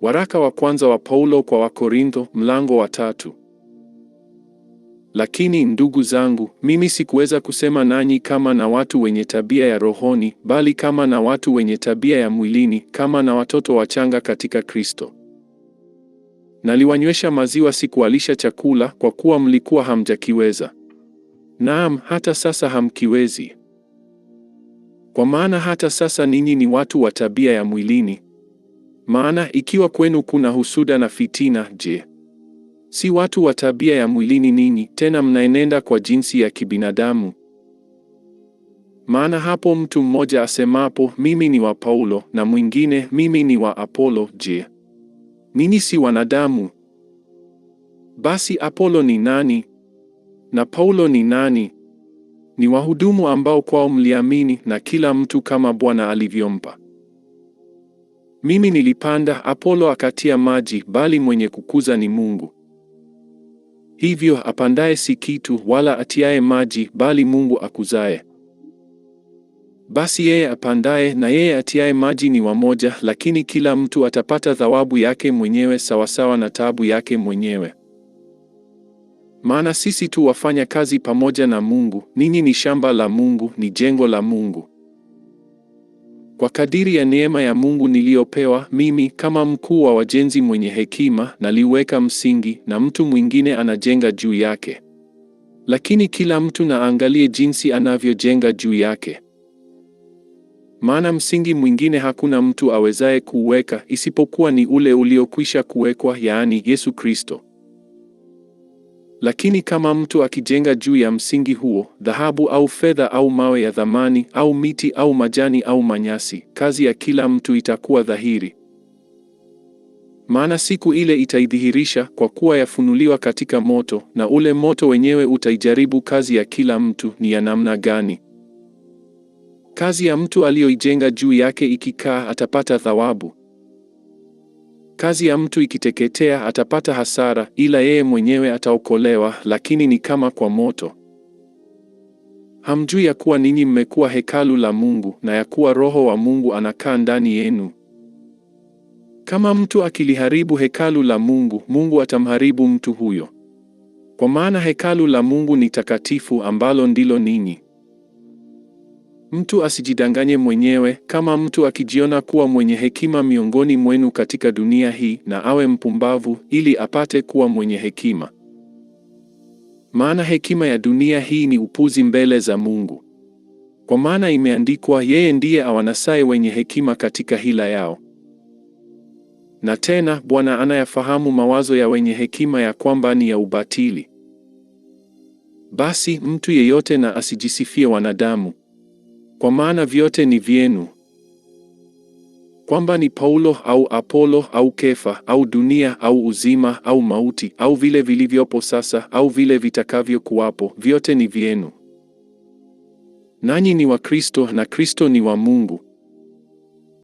Waraka wa kwanza wa Paulo kwa Wakorintho mlango wa tatu. Lakini ndugu zangu, mimi sikuweza kusema nanyi kama na watu wenye tabia ya rohoni, bali kama na watu wenye tabia ya mwilini, kama na watoto wachanga katika Kristo. Naliwanywesha maziwa, sikuwalisha chakula, kwa kuwa mlikuwa hamjakiweza; naam, hata sasa hamkiwezi. Kwa maana hata sasa ninyi ni watu wa tabia ya mwilini. Maana ikiwa kwenu kuna husuda na fitina, je, si watu wa tabia ya mwilini ninyi, tena mnaenenda kwa jinsi ya kibinadamu? Maana hapo mtu mmoja asemapo, mimi ni wa Paulo, na mwingine, mimi ni wa Apolo, je, ninyi si wanadamu? Basi Apolo ni nani? Na Paulo ni nani? Ni wahudumu ambao kwao mliamini, na kila mtu kama Bwana alivyompa. Mimi nilipanda, Apolo akatia maji, bali mwenye kukuza ni Mungu. Hivyo apandaye si kitu, wala atiaye maji, bali Mungu akuzaye. Basi yeye apandaye na yeye atiaye maji ni wamoja, lakini kila mtu atapata thawabu yake mwenyewe sawasawa na taabu yake mwenyewe. Maana sisi tu wafanya kazi pamoja na Mungu, ninyi ni shamba la Mungu, ni jengo la Mungu. Kwa kadiri ya neema ya Mungu niliyopewa mimi, kama mkuu wa wajenzi mwenye hekima, naliweka msingi na mtu mwingine anajenga juu yake. Lakini kila mtu na jinsi anavyojenga juu yake. Maana msingi mwingine hakuna mtu awezaye kuuweka isipokuwa ni ule uliokwisha kuwekwa, yaani Yesu Kristo. Lakini kama mtu akijenga juu ya msingi huo, dhahabu au fedha au mawe ya thamani au miti au majani au manyasi, kazi ya kila mtu itakuwa dhahiri, maana siku ile itaidhihirisha, kwa kuwa yafunuliwa katika moto, na ule moto wenyewe utaijaribu kazi ya kila mtu ni ya namna gani. Kazi ya mtu aliyoijenga juu yake ikikaa, atapata thawabu. Kazi ya mtu ikiteketea atapata hasara, ila yeye mwenyewe ataokolewa, lakini ni kama kwa moto. Hamjui ya kuwa ninyi mmekuwa hekalu la Mungu na ya kuwa Roho wa Mungu anakaa ndani yenu? Kama mtu akiliharibu hekalu la Mungu, Mungu atamharibu mtu huyo, kwa maana hekalu la Mungu ni takatifu, ambalo ndilo ninyi. Mtu asijidanganye mwenyewe, kama mtu akijiona kuwa mwenye hekima miongoni mwenu katika dunia hii, na awe mpumbavu ili apate kuwa mwenye hekima. Maana hekima ya dunia hii ni upuzi mbele za Mungu. Kwa maana imeandikwa, yeye ndiye awanasaye wenye hekima katika hila yao. Na tena, Bwana anayafahamu mawazo ya wenye hekima, ya kwamba ni ya ubatili. Basi mtu yeyote na asijisifie wanadamu kwa maana vyote ni vyenu, kwamba ni Paulo au Apolo au Kefa au dunia au uzima au mauti au vile vilivyopo sasa au vile vitakavyokuwapo, vyote ni vyenu, nanyi ni wa Kristo na Kristo ni wa Mungu.